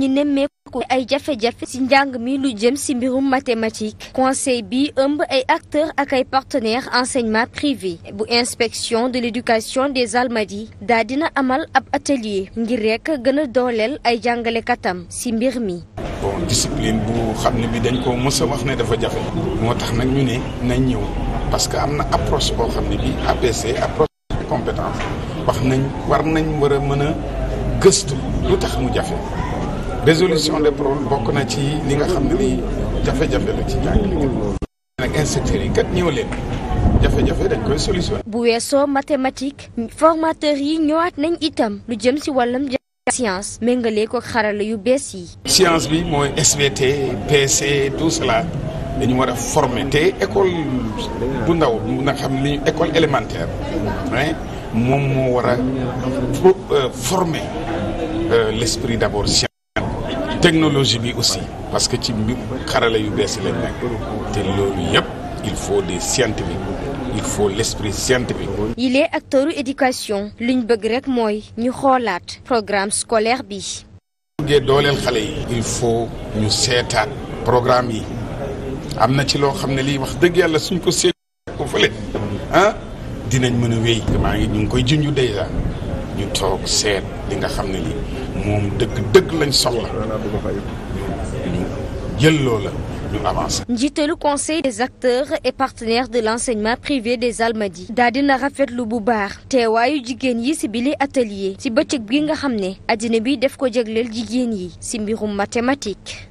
ñi ko ay jafe-jafe ci njàng mi lu jëm ci mbirum mathématique conseil bi ëmb ay acteurs ak ay partenaires enseignement privé bu inspection de l'éducation des Almadies daa dina amal ab atelier ngir rekk gën a dooleel ay jàngalekatam ci mbir mi. bon discipline bu xam ne bi dañ ko mës wax ne dafa jafe moo tax nag ñu ne nañ ñëw parce que am na approche boo xam ne bi APC approche compétence wax nañ war nañ war a mën a gëstu lu tax mu jafe résolution des problèmes bokk na ci li nga xam ne ni jafe-jafe la ci jàngale gi nag inspecteurs yi kat ñëw leen jafe-jafe dañ koy solution bu weesoo mathématique formateur yi ñëwaat nañ itam lu jëm si wàllam science méngalee ko xarala yu bees yi science bi mooy SVT PC tout cela dañu war a former te école bu ndaw nga xam ni école élémentaire mais moom moo war a euh, former euh, l'esprit d'abord technologie bi aussi parce que ci mbir xarala yu bees yi lañ nekk te loolu yëpp il faut des scientifiques il faut l'esprit scientifique. il est éducation. liñ bëgg rek mooy ñu xoolaat programme scolaire bi. buggee dooleel xale yi. il ñu seetaat programme yi am na ci loo xam ne lii wax dëgg yàlla suñ ko seet ko fële ah, dinañ mën a wéy. maa ngi ñu ngi koy junj déjà. ñu dëgg dëgg lañ soxla ñu conseil des acteurs et partenaires de l'enseignement privé des Almadies daal dina rafetlu bu baax teewaayu jigéen yi ci bile atelier ci bëccëg bi nga xam ni addina bi def ko jagleel jigéen yi ci mbirum mathématique